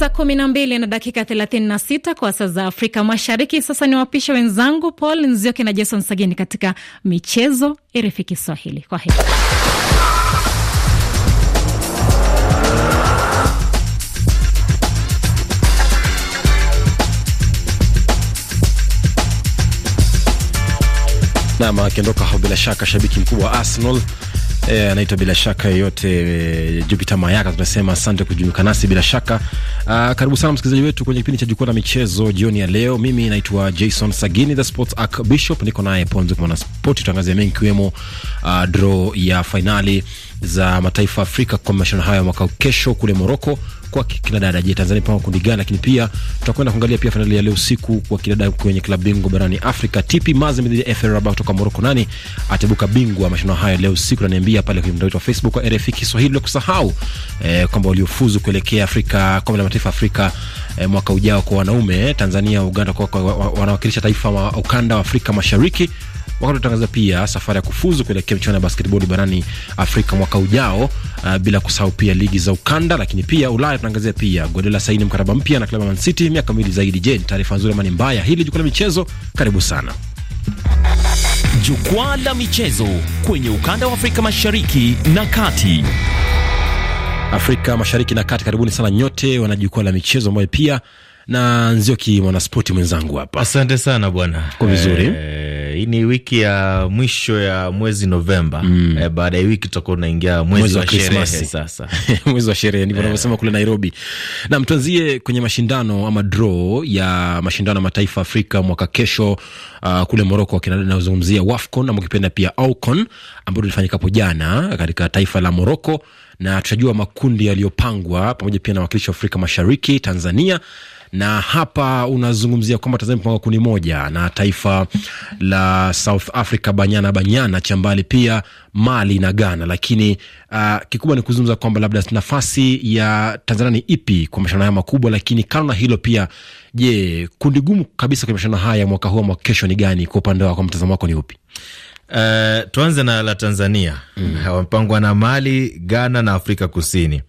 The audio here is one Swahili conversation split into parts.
Saa kumi na mbili na dakika thelathini na sita kwa saa za Afrika Mashariki. Sasa ni wapisha wenzangu Paul Nzioki na Jason Sagini katika michezo RFI Kiswahili. Kwa heri. Nam akiondoka hao, bila shaka shabiki mkubwa wa Arsenal Eh, anaitwa bila shaka yote eh, Jupiter Mayaka, tunasema asante kujumuika nasi bila shaka. Aa, ah, karibu sana msikilizaji wetu kwenye kipindi cha jukwaa la michezo jioni ya leo. Mimi naitwa Jason Sagini the Sports Archbishop, niko naye Ponzo kwa na sport, tutangazia mengi kiwemo ah, draw ya finali za mataifa Afrika kwa mashindano hayo mwaka kesho kule Moroko kwa kinadada. Je, Tanzania pamoja kundi gani? Lakini pia tutakwenda kuangalia pia fainali ya leo usiku kwa kinadada kwenye klabu bingwa barani Afrika, TP Mazembe dhidi ya FAR Rabat kutoka Moroko. Nani ataibuka bingwa mashindano hayo leo usiku? Naniambia pale kwenye mtandao wetu wa Facebook wa RFI Kiswahili. bila kusahau eh, kwamba waliofuzu kuelekea Afrika kombe la mataifa Afrika eh, mwaka ujao kwa wanaume, Tanzania Uganda kwa, kwa, wanawakilisha taifa wa ukanda wa Afrika Mashariki wakati utangaza pia safari ya kufuzu kuelekea michuano ya basketball barani Afrika mwaka ujao, uh, bila kusahau pia ligi za ukanda, lakini pia Ulaya tunaangazia pia Guardiola saini mkataba mpya na klabu ya Man City miaka miwili zaidi. Je, ni taarifa nzuri ama ni mbaya? Hili jukwaa la michezo, karibu sana. Jukwaa la michezo kwenye ukanda wa Afrika Mashariki na Kati. Afrika Mashariki na Kati, karibuni sana nyote wana jukwaa la michezo ambayo pia na Nzioki mwanaspoti mwenzangu hapa. Asante sana bwana. Kwa vizuri. Hey. Eh, Eh, hii ni wiki ya mwisho ya mwezi Novemba. mm. E, baada ya wiki tutakuwa unaingia mwezi wa sherehe sasa, mwezi wa sherehe ndivyo wanavyosema eh. kule Nairobi. Nam, tuanzie kwenye mashindano ama draw ya mashindano ya mataifa Afrika mwaka kesho, uh, kule Moroko wakinazungumzia WAFCON ama ukipenda pia AUCON ambayo ilifanyika hapo jana katika taifa la Moroko, na tutajua makundi yaliyopangwa pamoja pia na wakilishi wa Afrika Mashariki, Tanzania na hapa unazungumzia kwamba Tanzania imepangwa kuni moja na taifa la South Africa, Banyana Banyana, Chambali, pia Mali na Ghana, lakini uh, kikubwa ni kuzungumza kwamba labda nafasi ya Tanzania ni ipi kwa mashindano haya makubwa. Lakini kando na hilo pia, je, kundi gumu kabisa kwa mashindano haya mwaka huu mwaka kesho ni gani? Kwa upande wako, mtazamo wako ni upi? Uh, tuanze na la Tanzania. Mm. Wamepangwa na Mali, Ghana na Afrika Kusini.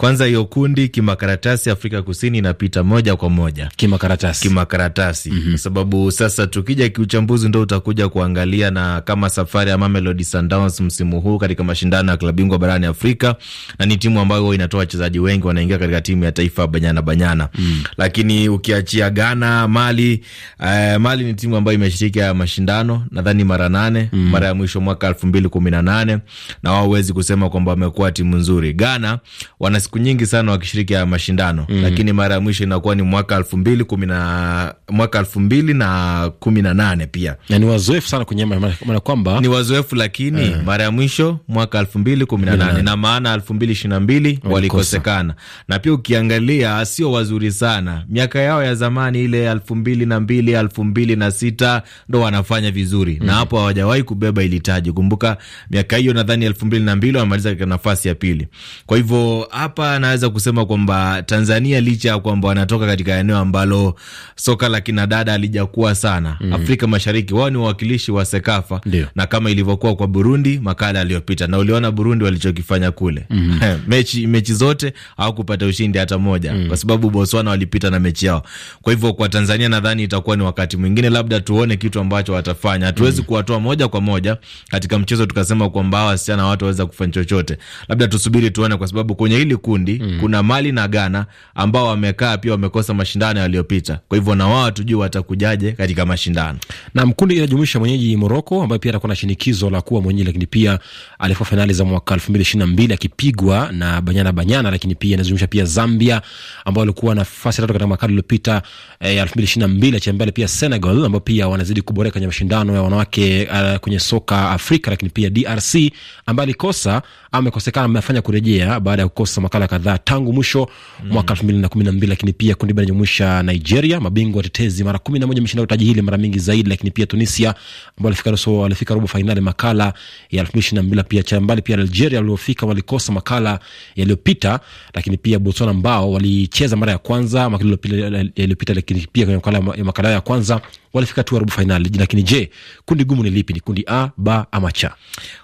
Kwanza hiyo kundi kimakaratasi, Afrika Kusini inapita moja kwa moja kimakaratasi, kimakaratasi mm -hmm. Sababu sasa tukija kiuchambuzi, ndo utakuja kuangalia na kama safari ya Mamelodi Sundowns msimu huu katika mashindano ya klabu bingwa barani Afrika, na ni timu ambayo inatoa wachezaji wengi wanaingia katika timu ya taifa Banyana Banyana mm. Lakini ukiachia Ghana, Mali, uh, Mali ni timu ambayo imeshiriki ya mashindano nadhani mara nane mm. Mara ya mwisho mwaka elfu mbili kumi na nane na wao huwezi kusema kwamba wamekuwa timu nzuri. Ghana wana siku nyingi sana wakishiriki ya mashindano mm Lakini mara ya mwisho inakuwa ni mwaka elfu mbili kumi na mwaka elfu mbili na kumi na nane pia na ni wazoefu sana kwenye maana kwamba ni wazoefu lakini uh eh. -huh. mara ya mwisho mwaka elfu mbili kumi na nane na maana elfu mbili ishirini na mbili walikosekana, na pia ukiangalia sio wazuri sana miaka yao ya zamani ile elfu mbili na mbili elfu mbili na sita ndo wanafanya vizuri mm -hmm. na hapo hawajawahi kubeba ili taji. Kumbuka miaka hiyo nadhani elfu mbili na mbili wamemaliza katika nafasi ya pili, kwa hivyo hapa hapa naweza kusema kwamba Tanzania licha ya kwamba wanatoka katika eneo ambalo soka la kinadada alijakuwa sana mm. Afrika Mashariki wao ni wawakilishi wa Sekafa Dio. na kama ilivyokuwa kwa Burundi makala aliyopita, na uliona Burundi walichokifanya kule mm. mechi, mechi zote hawakupata ushindi hata moja mm. kwa sababu Botswana walipita na mechi yao. Kwa hivyo kwa Tanzania nadhani itakuwa ni wakati mwingine, labda tuone kitu ambacho watafanya. Hatuwezi mm. kuwatoa moja kwa moja katika mchezo tukasema kwamba hawa wasichana watu waweza kufanya chochote, labda tusubiri tuone, kwa sababu kwenye hili ku kundi mm. Kuna Mali na Ghana ambao wamekaa pia wamekosa mashindano yaliyopita, kwa hivyo na wao tujue watakujaje katika mashindano. Na mkundi inajumuisha mwenyeji Moroko ambayo pia atakuwa na shinikizo la kuwa mwenyeji, lakini pia alifua fainali za mwaka elfu mbili ishirini na mbili akipigwa na Banyana Banyana, lakini pia inazungumzia pia Zambia ambao walikuwa nafasi tatu katika makala iliyopita ya eh, elfu mbili ishirini na mbili acha mbele pia Senegal ambao pia wanazidi kuboreka kwenye mashindano ya wanawake uh, kwenye soka Afrika, lakini pia DRC ambayo alikosa amekosekana amefanya kurejea baada ya kukosa makala kadhaa tangu mwisho mm. mwaka elfu mbili na kumi na mbili lakini pia kundi bila jumuisha Nigeria, mabingwa watetezi mara kumi na moja ameshinda taji hili mara mingi zaidi, lakini pia Tunisia ambao walifika robo fainali makala ya elfu mbili ishirini na mbili pia chambali pia Algeria waliofika walikosa makala yaliyopita, lakini pia Botswana ambao walicheza mara ya kwanza makala yaliyopita, lakini pia kwenye makala ya makala ya kwanza walifika tu robo fainali. Lakini je, kundi gumu ni lipi? Ni kundi A, B ama cha?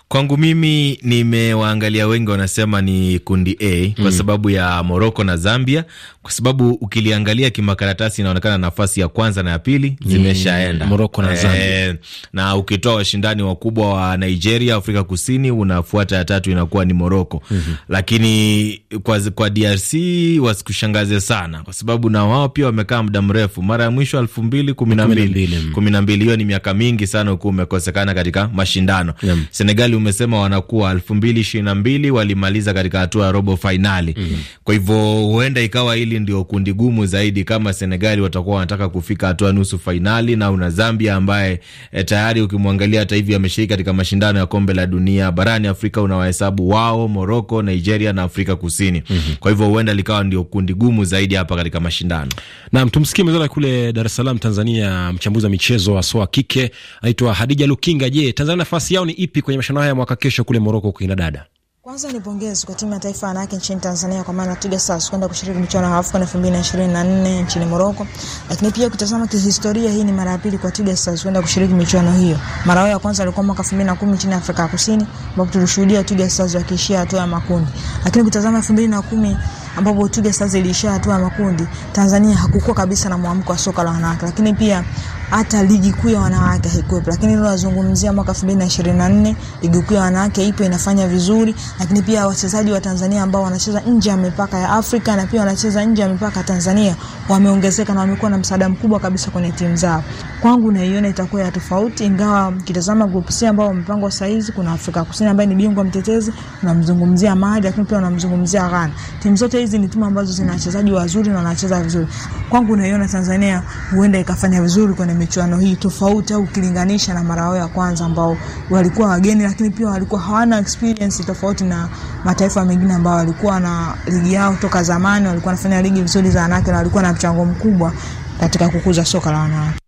Kwangu mimi nimewaangalia wengi wanasema ni kundi A kwa mm, sababu ya Moroko na Zambia, kwa sababu ukiliangalia kimakaratasi inaonekana nafasi ya kwanza na ya pili mm. zimeshaenda Moroko na Zambia, e, na ukitoa washindani wakubwa wa Nigeria, Afrika Kusini, unafuata ya tatu inakuwa ni Moroko. Mm -hmm. Lakini kwa, kwa DRC wasikushangaze sana, kwa sababu na wao pia wamekaa muda mrefu. Mara ya mwisho elfu mbili kumi na mbili kumi na mbili. Hiyo ni miaka mingi sana huku umekosekana katika mashindano yeah. Senegali umesema wanakuwa elfu mbili ishirini na mbili walimaliza katika hatua ya robo fainali mm -hmm. Kwa hivyo huenda ikawa hili ndio kundi gumu zaidi kama Senegali watakuwa wanataka kufika hatua nusu fainali, na una Zambia ambaye e, tayari ukimwangalia hata hivi ameshiriki katika mashindano ya kombe la dunia barani Afrika, unawahesabu wao Moroko, Nigeria na Afrika Kusini mm -hmm. Kwa hivyo huenda likawa ndio kundi gumu zaidi hapa katika mashindano. Naam, tumsikie mezala kule Dar es Salaam Tanzania mchambuzi wa michezo haswa wa kike anaitwa Hadija Lukinga. Je, Tanzania nafasi yao ni ipi kwenye mashindano haya mwaka kesho kule Moroko kina dada? Kwanza ni pongezi kwa timu ya taifa ya wanawake nchini Tanzania kwa maana Twiga Stars kwenda kushiriki michuano ya AFCON 2024 nchini Morocco. Lakini pia ukitazama kihistoria, hii ni mara ya pili kwa Twiga Stars kwenda kushiriki michuano hiyo. Mara ya kwanza ilikuwa mwaka 2010 nchini Afrika ya Kusini ambapo tulishuhudia Twiga Stars wakiishia hatua ya makundi. Lakini ukitazama 2010 ambapo Twiga Stars iliishia hatua ya makundi, Tanzania hakukuwa kabisa na mwamko wa soka la wanawake. Lakini pia hata ligi kuu ya wanawake haikuwepo, lakini leo nazungumzia mwaka 2024 ligi kuu ya wanawake ipo inafanya vizuri, lakini pia wachezaji wa Tanzania ambao wanacheza nje ya mipaka ya Afrika na pia wanacheza nje ya mipaka ya Tanzania wameongezeka na wamekuwa na msaada mkubwa kabisa kwenye timu zao. Kwangu naiona itakuwa ya tofauti, ingawa kitazama group C ambao wamepangwa sasa hizi, kuna Afrika Kusini ambaye ni bingwa mtetezi, unamzungumzia Mali, lakini pia unamzungumzia Ghana. Timu zote hizi ni timu ambazo zina wachezaji wazuri na wanacheza vizuri. Kwangu naiona Tanzania huenda ikafanya vizuri kwenye michuano hii tofauti au ukilinganisha na mara yao ya kwanza ambao walikuwa wageni, lakini pia walikuwa hawana experience tofauti na mataifa mengine ambao walikuwa na ligi yao toka zamani, walikuwa wanafanya ligi vizuri za wanawake na walikuwa na mchango mkubwa katika kukuza soka la wanawake.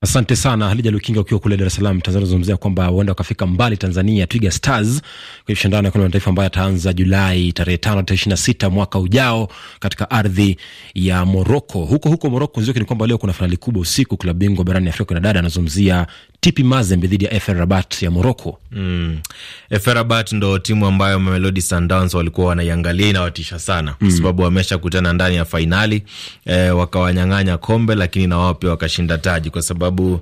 Asante sana Halija Lukinga, ukiwa kule Dar es Salaam, Tanzania. Zungumzia kwamba huenda wakafika mbali Tanzania, Twiga Stars kwenye mashindano ya kombe la mataifa ambayo ataanza Julai tarehe tano tarehe ishirini na sita mwaka ujao katika ardhi ya Moroko. Huko huko Moroko, ni kwamba leo kuna fainali kubwa usiku, klabu bingwa barani Afrika na dada anazungumzia TP Mazembe dhidi ya FAR Rabat ya Morocco. Mm. FAR Rabat ndo timu ambayo Mamelodi Sundowns walikuwa wanaiangalia inawatisha sana kwa mm. sababu wameshakutana ndani ya fainali e, eh, wakawanyang'anya kombe lakini na wao pia wakashinda taji kwa sababu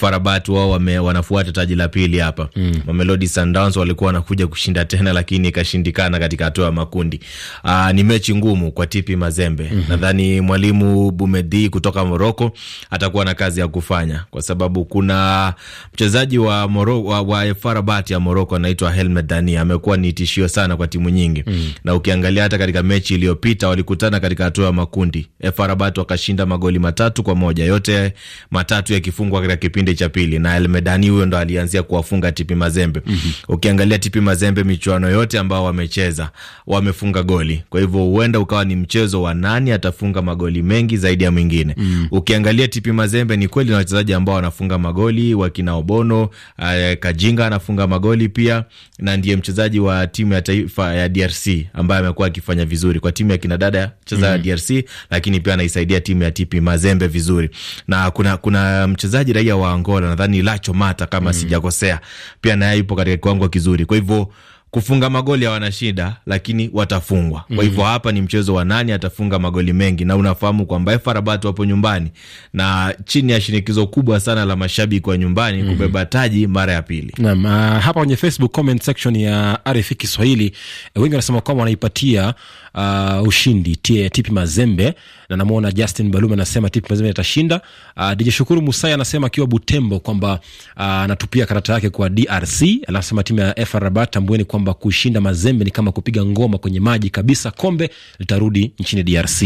FAR Rabat wao wanafuata taji la pili hapa. Mm. Mamelodi Sundowns walikuwa wanakuja kushinda tena lakini ikashindikana katika hatua ya makundi. Aa, ah, ni mechi ngumu kwa TP Mazembe. Mm -hmm. Nadhani mwalimu Bumedi kutoka Morocco atakuwa na kazi ya kufanya kwa sababu kuna mchezaji wa Morocco wa, wa AS Rabat ya Morocco anaitwa Helmet Dani amekuwa ni tishio sana kwa timu nyingi mm. na ukiangalia hata katika mechi iliyopita walikutana katika hatua ya makundi AS Rabat wakashinda magoli matatu kwa moja, yote matatu yakifungwa katika kipindi cha pili, na Helmet Dani huyo ndo alianzia kuwafunga Tipi Mazembe mm -hmm. ukiangalia Tipi Mazembe michuano yote ambao wamecheza wamefunga goli, kwa hivyo huenda ukawa ni mchezo wa nani atafunga magoli mengi zaidi ya mwingine mm. ukiangalia Tipi Mazembe ni kweli na wachezaji ambao wanafunga magoli wa kina Obono. Uh, Kajinga anafunga magoli pia na ndiye mchezaji wa timu ya taifa ya DRC ambaye amekuwa akifanya vizuri kwa timu ya kina dada cheza mm. DRC, lakini pia anaisaidia timu ya TP Mazembe vizuri, na kuna kuna mchezaji raia wa Angola nadhani Lacho Mata kama mm. sijakosea, pia naye yupo katika kiwango kizuri, kwa hivyo kufunga magoli hawana shida, lakini watafungwa mm -hmm. Kwa mhm. hivyo hapa ni mchezo wa nani atafunga magoli mengi, na unafahamu kwamba FAR Rabat wapo nyumbani na chini ya shinikizo kubwa sana la mashabiki wa nyumbani mm -hmm. kubeba taji mara ya pili. Naam, ah, hapa kwenye Facebook comment section ya RFI Kiswahili eh, wengi wanasema kwamba wanaipatia uh, ushindi Tipi Mazembe na namwona Justin Balume anasema Tipi Mazembe atashinda. Uh, DJ Shukuru Musai anasema akiwa Butembo kwamba uh, anatupia uh, karata yake kwa DRC. Anasema timu ya FAR Rabat, tambueni kwamba kushinda Mazembe ni kama kupiga ngoma kwenye maji kabisa, kombe litarudi nchini DRC.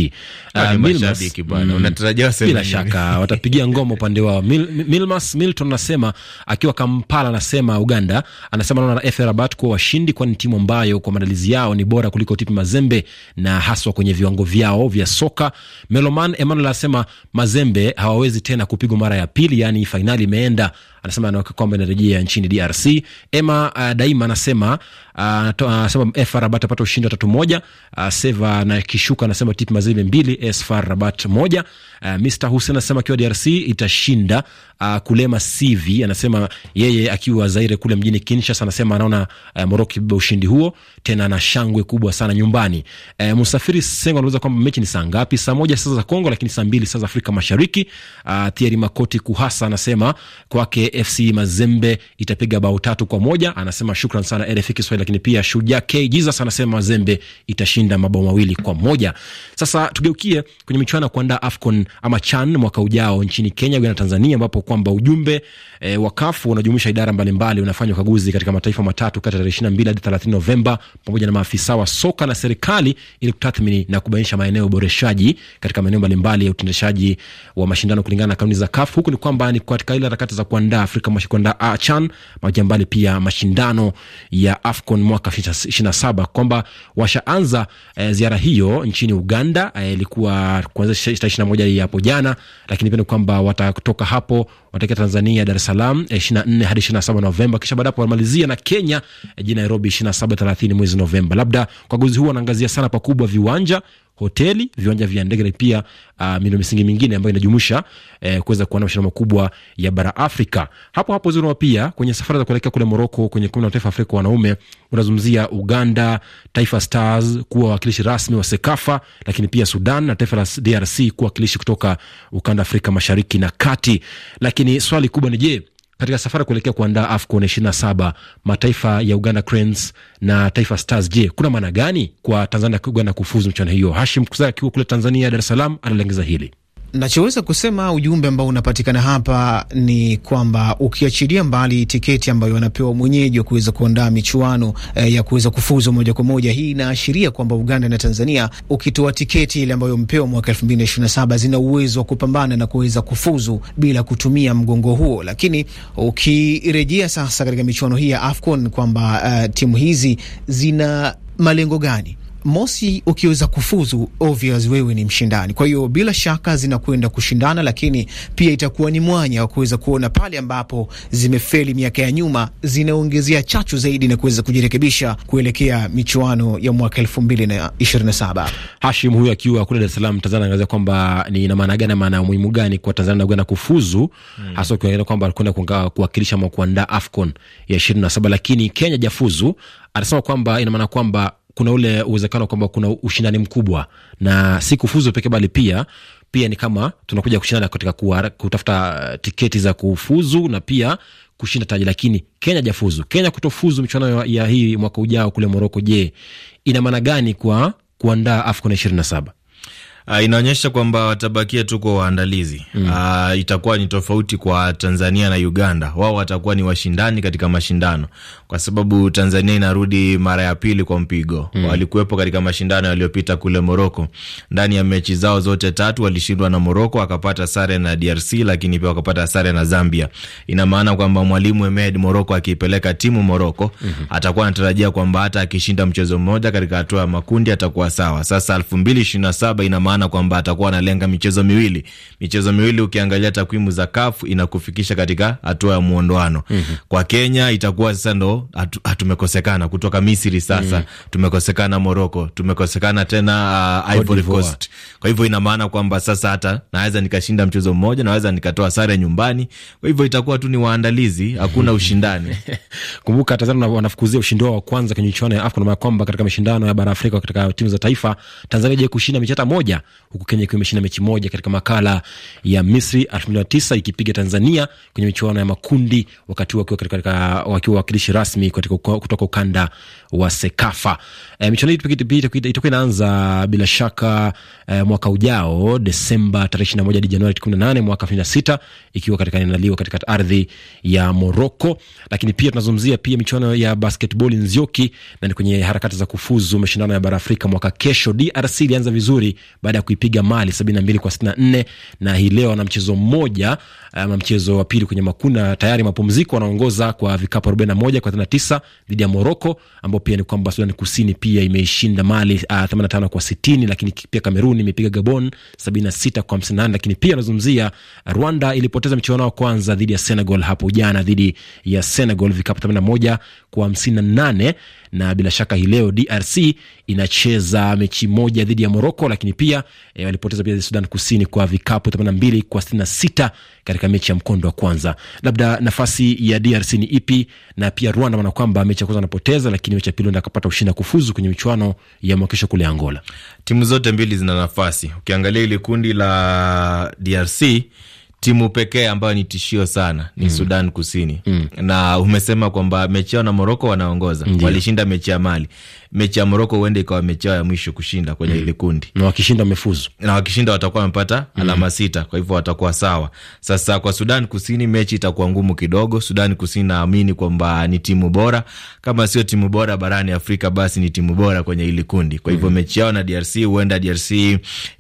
Ah, uh, Milmas, mm, bila shaka watapigia ngoma upande wao. Mil, Milmas Milton anasema akiwa Kampala, anasema Uganda, anasema FAR Rabat kuwa washindi, kwani timu ambayo kwa maandalizi yao ni bora kuliko TP Mazembe na haswa kwenye viwango vyao vya soka. Meloman Emmanuel anasema Mazembe hawawezi tena kupigwa mara ya pili, yaani fainali imeenda anasema kwamba inarejea nchini DRC. Ema uh, daima anasema uh, uh, anasema uh, uh, FAR Rabat apata ushindi wa tatu moja. Uh, Seva na kishuka anasema TP Mazembe mbili SFAR Rabat moja. Uh, Mr Hussein anasema akiwa DRC itashinda. Uh, Kulema CV anasema yeye akiwa Zaire kule mjini Kinshasa anasema anaona uh, Moroko ibeba ushindi huo tena na shangwe kubwa sana nyumbani. Uh, Msafiri Sengo anauliza kwamba mechi ni saa ngapi? Saa moja sasa za Kongo, lakini saa mbili sasa za Afrika Mashariki. Uh, Thierry Makoti Kuhasa anasema kwake AFC Mazembe itapiga bao tatu kwa moja. Anasema shukran sana RFI Kiswahili, lakini pia Shujaa K Jesus anasema Mazembe itashinda mabao mawili kwa moja. Sasa tugeukie kwenye michuano ya kuandaa AFCON ama CHAN mwaka ujao nchini Kenya, Uganda na Tanzania, ambapo kwamba ujumbe e, wa CAF unajumuisha idara mbalimbali unafanya ukaguzi katika mataifa matatu kati ya tarehe 22 hadi 30 Novemba pamoja na maafisa wa soka na serikali ili kutathmini na kubainisha maeneo ya uboreshaji katika maeneo mbalimbali ya utendeshaji wa mashindano kulingana na kanuni za CAF. Huku ni kwamba ni katika ile harakati za kuandaa ya Afrika mashindano ACHAN moja mbali pia mashindano ya AFCON mwaka 27 kwamba washaanza e, ziara hiyo nchini Uganda eh, ilikuwa e, kuanzia tarehe 21 hapo jana, lakini pia ni kwamba watatoka hapo watakia Tanzania Dar es Salaam 24 eh, hadi 27 Novemba, kisha baada baadapo wamalizia na Kenya jijini Nairobi 27 30 mwezi Novemba. Labda kwa guzi huu wanaangazia sana pakubwa viwanja hoteli, viwanja vya ndege, na pia uh, miundo misingi mingine ambayo inajumuisha eh, kuweza kuona mashindano makubwa ya bara Afrika. Hapo hapo Zuruma pia kwenye safari za kuelekea kule Moroko kwenye kombe taifa mataifa Afrika wanaume unazungumzia Uganda, Taifa Stars kuwa wakilishi rasmi wa SEKAFA, lakini pia Sudan na taifa la DRC kuwa wakilishi kutoka ukanda Afrika mashariki na kati, lakini swali kubwa ni je, katika safari kuelekea kuandaa AFCON 27 mataifa ya Uganda Cranes na Taifa Stars. Je, kuna maana gani kwa Tanzania Uganda kufuzu mchuano hiyo? Hashim Kuza akiwa kule Tanzania, Dar es Salaam, analengeza hili nachoweza kusema ujumbe ambao unapatikana hapa ni kwamba ukiachilia mbali tiketi ambayo wanapewa mwenyeji wa kuweza kuandaa michuano e, ya kuweza kufuzu moja kwa moja, hii inaashiria kwamba Uganda na Tanzania, ukitoa tiketi ile ambayo mpewa mwaka 2027 zina uwezo wa kupambana na kuweza kufuzu bila kutumia mgongo huo. Lakini ukirejea sasa katika michuano hii ya AFCON kwamba uh, timu hizi zina malengo gani? mosi, ukiweza kufuzu obvious, wewe ni mshindani, kwa hiyo bila shaka zinakwenda kushindana, lakini pia itakuwa ni mwanya wa kuweza kuona pale ambapo zimefeli miaka ya nyuma, zinaongezea chachu zaidi na kuweza kujirekebisha kuelekea michuano ya mwaka elfu mbili na ishirini na saba. Hashim huyu akiwa kule Dar es Salaam Tanzania, anaangazia kwamba ni ina maana gani, maana muhimu gani kwa Tanzania na kufuzu hmm, hasa ukiangalia kwamba alikwenda kuwakilisha ama kuandaa AFCON ya ishirini na saba, lakini Kenya jafuzu. Anasema kwamba ina maana kwamba kuna ule uwezekano kwamba kuna ushindani mkubwa na si kufuzu pekee, bali pia pia ni kama tunakuja kushindana katika kutafuta uh, tiketi za kufuzu na pia kushinda taji. Lakini Kenya jafuzu, Kenya kutofuzu michuano ya hii mwaka ujao kule Moroko, je, ina maana gani kwa kuandaa AFCON ishirini na saba? uh, inaonyesha kwamba watabakia tu kwa waandalizi mm. Uh, itakuwa ni tofauti kwa Tanzania na Uganda. Wao watakuwa ni washindani katika mashindano, kwa sababu Tanzania inarudi mara ya pili kwa mpigo mm. Walikuwepo katika mashindano yaliyopita kule Moroko. Ndani ya mechi zao zote tatu walishindwa na Moroko, wakapata sare na DRC, lakini pia wakapata sare na Zambia. Ina maana kwamba mwalimu Emed Moroko akiipeleka timu Moroko mm -hmm. atakuwa anatarajia kwamba hata akishinda mchezo mmoja katika hatua ya makundi atakuwa sawa. Sasa elfu mbili ishirini na saba ina maana maana kwamba atakuwa analenga michezo miwili. Michezo miwili ukiangalia takwimu za CAF inakufikisha katika hatua ya muondoano. Mm -hmm. Kwa Kenya itakuwa sasa ndo hatumekosekana atu, kutoka Misri sasa. Mm -hmm. Tumekosekana Morocco, tumekosekana tena uh, Ivory Coast. Kwa hivyo ina maana kwamba sasa hata naweza nikashinda mchezo mmoja, naweza nikatoa sare nyumbani. Kwa hivyo itakuwa tu ni waandalizi, hakuna ushindani. Kumbuka Tanzania wanafukuzia ushindi wao wa kwanza kwenye michuano ya AFCON na kwamba katika mashindano ya bara Afrika katika timu za taifa Tanzania je kushinda michata moja huku Kenya ikiwa imeshinda mechi moja katika makala ya Misri 2009 ikipiga Tanzania kwenye michuano ya makundi, wakati wakiwa wakilishi rasmi kutoka ukanda wa Sekafa. E, michuano hii itakuwa inaanza bila shaka e, mwaka ujao Desemba tarehe ishirini na moja hadi Januari kumi na nane mwaka elfu mbili na sita ikiwa katika inaandaliwa katika ardhi ya Moroko. Lakini pia tunazungumzia pia michuano ya basketball Nzioki na ni kwenye harakati za kufuzu mashindano ya bara Afrika mwaka kesho. DRC ilianza vizuri baada ya kuipiga Mali sabini na mbili kwa sitini na nne na hii leo na mchezo mmoja ama eh, mchezo wa pili kwenye makuna tayari mapumziko wanaongoza kwa vikapu 41 kwa 39 dhidi ya Morocco, ambao pia ni kwamba Sudan Kusini pia imeishinda Mali 85 eh, kwa 60, lakini pia Kamerun imepiga Gabon 76 kwa 58, lakini pia anazungumzia Rwanda ilipoteza mchuano wa kwanza dhidi ya Senegal hapo jana dhidi ya Senegal vikapu 81 kwa 58 na bila shaka hii leo DRC inacheza mechi moja dhidi ya Moroko, lakini pia e, walipoteza pia Sudan Kusini kwa vikapu 82 kwa 66 katika mechi ya mkondo wa kwanza. Labda nafasi ya DRC ni ipi? Na pia Rwanda maana kwamba mechi ya kwanza wanapoteza, lakini mechi ya pili ndio akapata ushindi kufuzu kwenye michuano ya mwakisho kule Angola. Timu zote mbili zina nafasi. Ukiangalia ile kundi la DRC timu pekee ambayo ni tishio sana ni mm. Sudan Kusini mm. na umesema kwamba mechi yao na Moroko wanaongoza, walishinda mechi ya Mali mechi ya Moroko huenda ikawa mechi yao ya mwisho kushinda kwenye mm. ile kundi, na wakishinda wamefuzu, na wakishinda watakuwa wamepata mm. alama sita, kwa hivyo watakuwa sawa. Sasa kwa Sudan Kusini mechi itakuwa ngumu kidogo. Sudan Kusini naamini kwamba ni timu bora, kama sio timu bora barani Afrika basi ni timu bora kwenye ile kundi. Kwa hivyo mm. mechi yao na DRC huenda DRC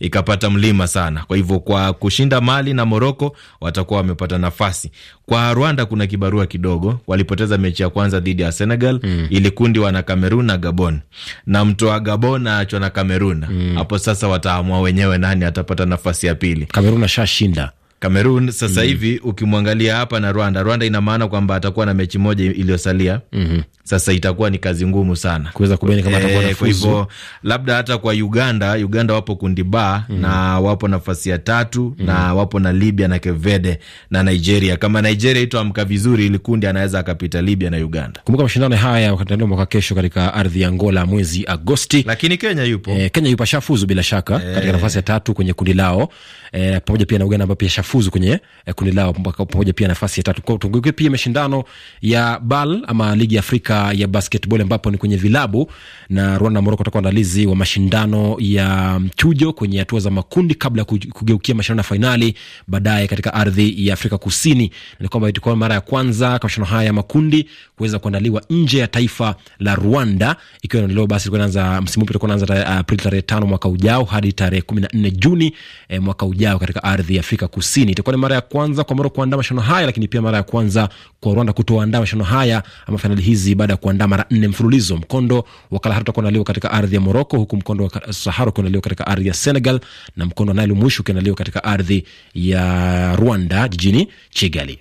ikapata mlima sana. Kwa hivyo kwa kushinda Mali na Moroko watakuwa wamepata nafasi. Kwa Rwanda kuna kibarua kidogo, walipoteza mechi ya kwanza dhidi ya Senegal mm. ili kundi wana Kamerun na Gabon na mtu wa Gabon aachwa na Kamerun mm. hapo mm. Sasa wataamua wenyewe nani atapata nafasi ya pili. Kamerun ashashinda Cameroon sasa mm. hivi mm -hmm. Ukimwangalia hapa na Rwanda, Rwanda ina maana kwamba atakuwa na mechi moja iliyosalia mm -hmm. Sasa itakuwa ni kazi ngumu sana kuweza kubaini kama atakuwa na eh, fuzu. hivyo labda hata kwa Uganda, Uganda wapo kundi ba mm -hmm. na wapo nafasi ya tatu mm -hmm. na wapo na Libya na Kevede na Nigeria. Kama Nigeria itaamka vizuri, ili kundi anaweza akapita Libya na Uganda. Kumbuka mashindano haya wakatandaliwa mwaka kesho katika ardhi ya Angola mwezi Agosti, lakini Kenya yupo e, Kenya yupo shafuzu bila shaka e, katika nafasi ya tatu kwenye kundi lao e, pamoja pia na Uganda ambayo pia shafuzu kufuzu kwenye eh, kundi lao pamoja pia nafasi ya tatu. Kwa tugeuke pia mashindano ya BAL ama ligi ya Afrika ya basketball ambapo ni kwenye vilabu na Rwanda na Moroko watakuwa waandalizi wa mashindano ya mchujo kwenye hatua za makundi kabla ya kugeukia mashindano ya fainali baadaye katika ardhi ya Afrika Kusini. Ni kwamba itakuwa mara ya kwanza kwa mashindano haya ya makundi kuweza kuandaliwa nje ya taifa la Rwanda, ikiwa inaendelea basi inaanza msimu mpya utakuwa unaanza eh, Aprili tarehe tano mwaka ujao hadi tarehe kumi na nne Juni eh, mwaka ujao katika ardhi ya Afrika Kusini. Kusini. Itakuwa ni mara ya kwanza kwa Moroko kuandaa mashindano haya, lakini pia mara ya kwanza kwa Rwanda kutoandaa mashindano haya ama fainali hizi baada ya kuandaa mara nne mfululizo. Mkondo wa Kalahari utakuwa katika ardhi ya Moroko, huku mkondo wa Sahara ukiandaliwa katika ardhi ya Senegal na mkondo wa Nile mwisho ukiandaliwa katika ardhi ya Rwanda jijini Kigali.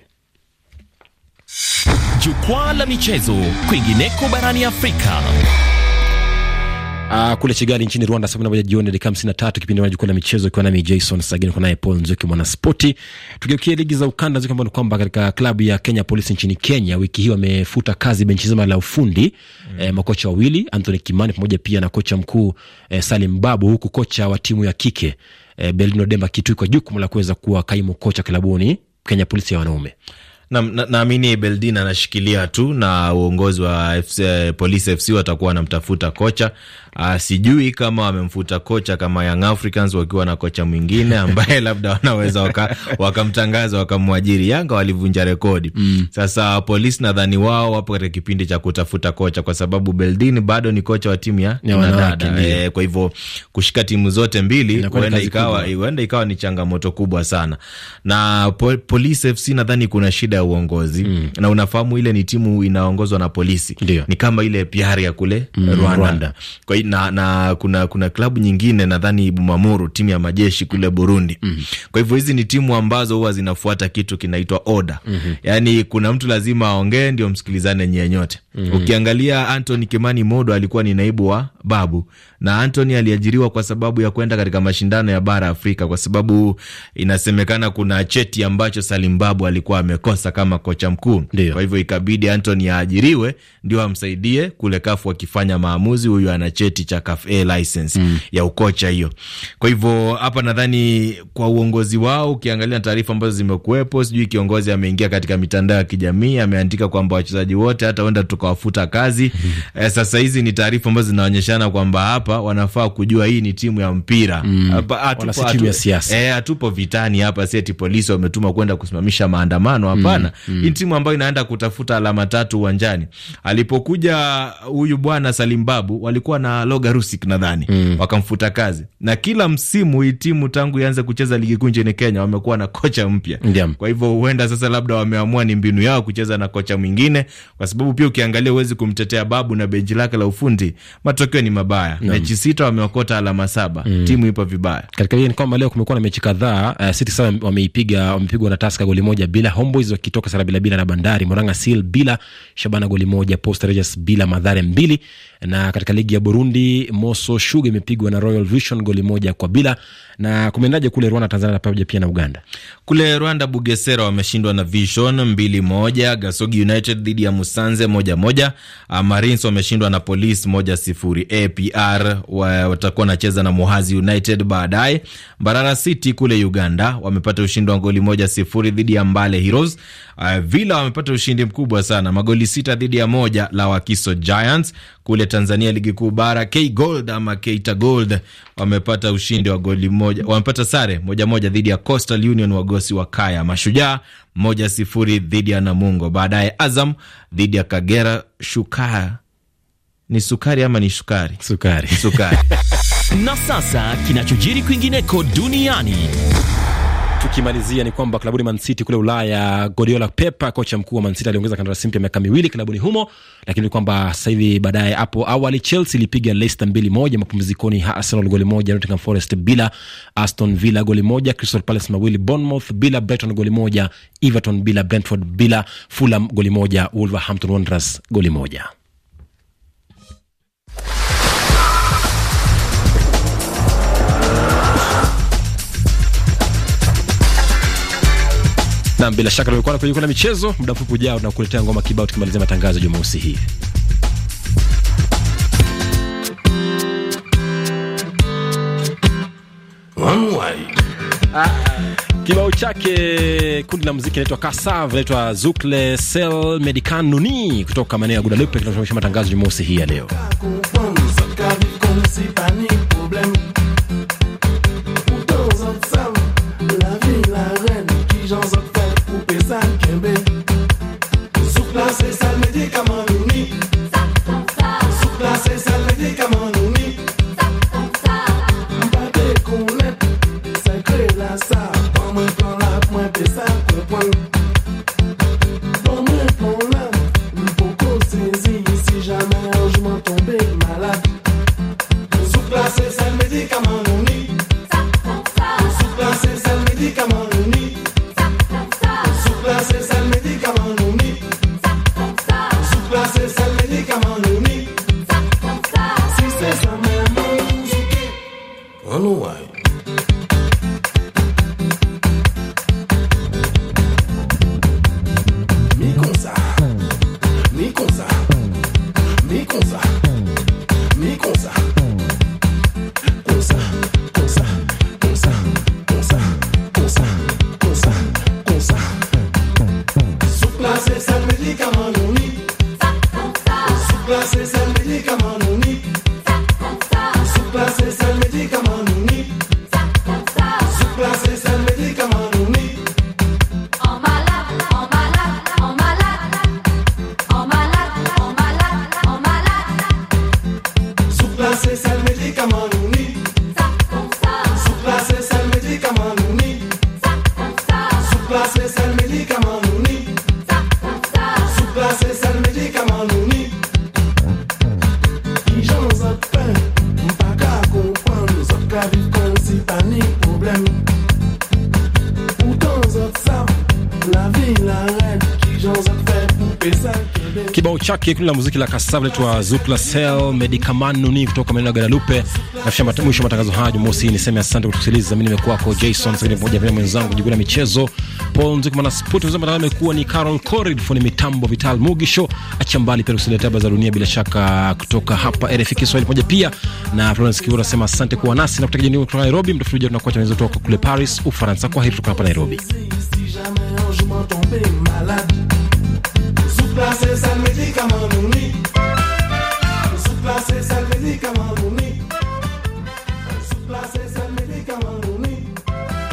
Jukwaa la michezo kwingineko barani Afrika. Uh, kule Kigali nchini Rwanda, saa moja jioni dakika hamsini na tatu kipindi na jukwaa la michezo, ikiwa nami Jason Sagini, kwa naye Paul Nzioki mwanaspoti. Tugeukie ligi za ukanda Nzioki, ambao ni kwamba katika klabu ya Kenya Police nchini Kenya wiki hii wamefuta kazi benchi zima la ufundi mm. eh, makocha wawili Anthony Kimani pamoja pia na kocha mkuu eh, Salim Babu, huku kocha wa timu ya kike eh, Belino Demba Kitui kwa jukumu la kuweza kuwa kaimu kocha klabuni Kenya Police ya wanaume naamini na, na Beldin anashikilia tu na uongozi wa FC, eh, Polisi FC watakuwa wanamtafuta kocha Uh, sijui kama wamemfuta kocha kama Young Africans wakiwa na kocha mwingine ambaye labda wanaweza wakamtangaza waka wakamwajiri. Yanga walivunja rekodi mm. Sasa polisi nadhani wao wapo katika kipindi cha kutafuta kocha, kwa sababu Beldin bado ni kocha wa timu ya kinadada e, eh, kwa hivyo kushika timu zote mbili huenda ikawa, huenda ikawa ni changamoto kubwa sana, na pol, polisi FC nadhani kuna shida ya uongozi mm. na unafahamu ile ni timu inaongozwa na polisi Dio. ni kama ile PR ya kule mm, Rwanda, Rwanda. Kwa na, na kuna, kuna klabu nyingine nadhani Bumamuru, timu ya majeshi kule Burundi. mm -hmm. Kwa hivyo hizi ni timu ambazo huwa zinafuata kitu kinaitwa oda. mm -hmm. Yani kuna mtu lazima aongee ndio msikilizane nyie nyote. mm -hmm. Ukiangalia Antony Kimani Modo alikuwa ni naibu wa Babu na Antony aliajiriwa kwa sababu ya kwenda katika mashindano ya bara Afrika, kwa sababu inasemekana kuna cheti ambacho Salim Babu alikuwa amekosa kama kocha mkuu. Kwa hivyo ikabidi Antony aajiriwe ndio amsaidie kule kafu akifanya maamuzi, huyu anacheza cheti cha CAF A license mm. ya ukocha hiyo. Kwa hivyo hapa nadhani kwa uongozi wao, ukiangalia taarifa ambazo zimekuwepo, sijui kiongozi ameingia katika mitandao ya kijamii ameandika kwamba wachezaji wote hata wenda tukawafuta kazi mm. Eh, sasa hizi ni taarifa ambazo zinaonyeshana kwamba hapa wanafaa kujua hii ni timu ya mpira mm. Eh, Hapa, mm. atupo, atu, siasa eh, atupo vitani hapa, si eti polisi wametuma kwenda kusimamisha maandamano. Hapana mm. mm. hii timu ambayo inaenda kutafuta alama tatu uwanjani. Alipokuja huyu bwana Salimbabu walikuwa na na Loga Rusick nadhani mm. wakamfuta kazi, na kila msimu hii timu tangu ianze kucheza ligi kuu nchini Kenya wamekuwa na kocha mpya yeah. Kwa hivyo huenda sasa labda wameamua ni mbinu yao kucheza na kocha mwingine, kwa sababu pia ukiangalia huwezi kumtetea Babu na benchi lake la ufundi, matokeo ni mabaya yeah. Mechi sita wamewakota alama saba mm. Timu ipo vibaya. Katika hili ni kwamba leo kumekuwa na mechi kadhaa uh, City sasa wameipiga wamepigwa na Tusker goli moja bila, Homeboys wakitoka Sarabila bila na Bandari, Murang'a Seal bila, Shabana goli moja, Posta Rangers bila, Mathare mbili na katika ligi ya Burundi Burundi Moso shuga imepigwa na Royal Vision goli moja kwa bila. Na kumeendaje kule Rwanda, Tanzania pamoja pia na Uganda? Kule Rwanda, Bugesera wameshindwa na Vision mbili moja, Gasogi United dhidi ya Musanze moja moja, ah, Marins wameshindwa na Police moja sifuri. APR watakuwa wanacheza na Muhazi United baadaye. Mbarara City kule Uganda wamepata ushindi wa goli moja sifuri dhidi ya Mbale Heroes. Ah, Villa wamepata ushindi mkubwa sana magoli sita dhidi ya moja la Wakiso Giants. Kule Tanzania, ligi kuu bara, K Gold ama Keita Gold wamepata ushindi wa goli moja, wamepata sare moja moja dhidi ya Coastal Union wa Lagos kaya Mashujaa moja sifuri dhidi ya Namungo, baadaye Azam dhidi ya Kagera Shukaa ni sukari ama ni shukari? Sukari, sukari. na sasa kinachojiri kwingineko duniani Tukimalizia ni kwamba klabuni Man City kule Ulaya, Guardiola Pepa, kocha mkuu wa Man City, aliongeza kandarasi mpya miaka miwili klabuni humo, lakini ni kwamba sasa hivi baadaye, hapo awali Chelsea ilipiga Leicester mbili moja mapumzikoni, Arsenal goli moja, Nottingham Forest bila, Aston Villa goli moja, Crystal Palace mawili, Bournemouth bila, Brighton goli moja, Everton bila, Brentford bila, Fulham goli moja, Wolverhampton Wanderers goli moja. na bila shaka tumekuwa na kujikuna michezo muda mfupi ujao, na kuletea ngoma kibao tukimalizia matangazo Jumamosi hii. Kibao chake kundi la muziki inaitwa Kasav, inaitwa Zukle Sel Medican Nuni kutoka maeneo ya Gudalupe. Tunashamisha matangazo jumausi hii ya leo. come and go. fica maluco. Kibao chake kundi la muziki la Kasava naitwa Zukla Cell Medicamanuni kutoka maeneo ya Guadalupe. Nafikisha mwisho matangazo haya Jumamosi. Niseme asante kwa kutusikiliza. Mi nimekuwako Jason Sagini pamoja vile mwenzangu jigula michezo Paul Nzuki mwanaspoti mzima. Matangazo amekuwa ni Carol Corid fundi mitambo Vital Mugisho acha mbali pia kusilia taba za dunia bila shaka kutoka hapa RFI Kiswahili pamoja pia na Florence Kiura. Nasema asante kuwa nasi na kutakia jioni kutoka Nairobi. Mtafuta tunakuacha wenzetu kutoka kule Paris Ufaransa. Kwa heri kutoka hapa Nairobi. tomber malade. Sous place, ça le médicament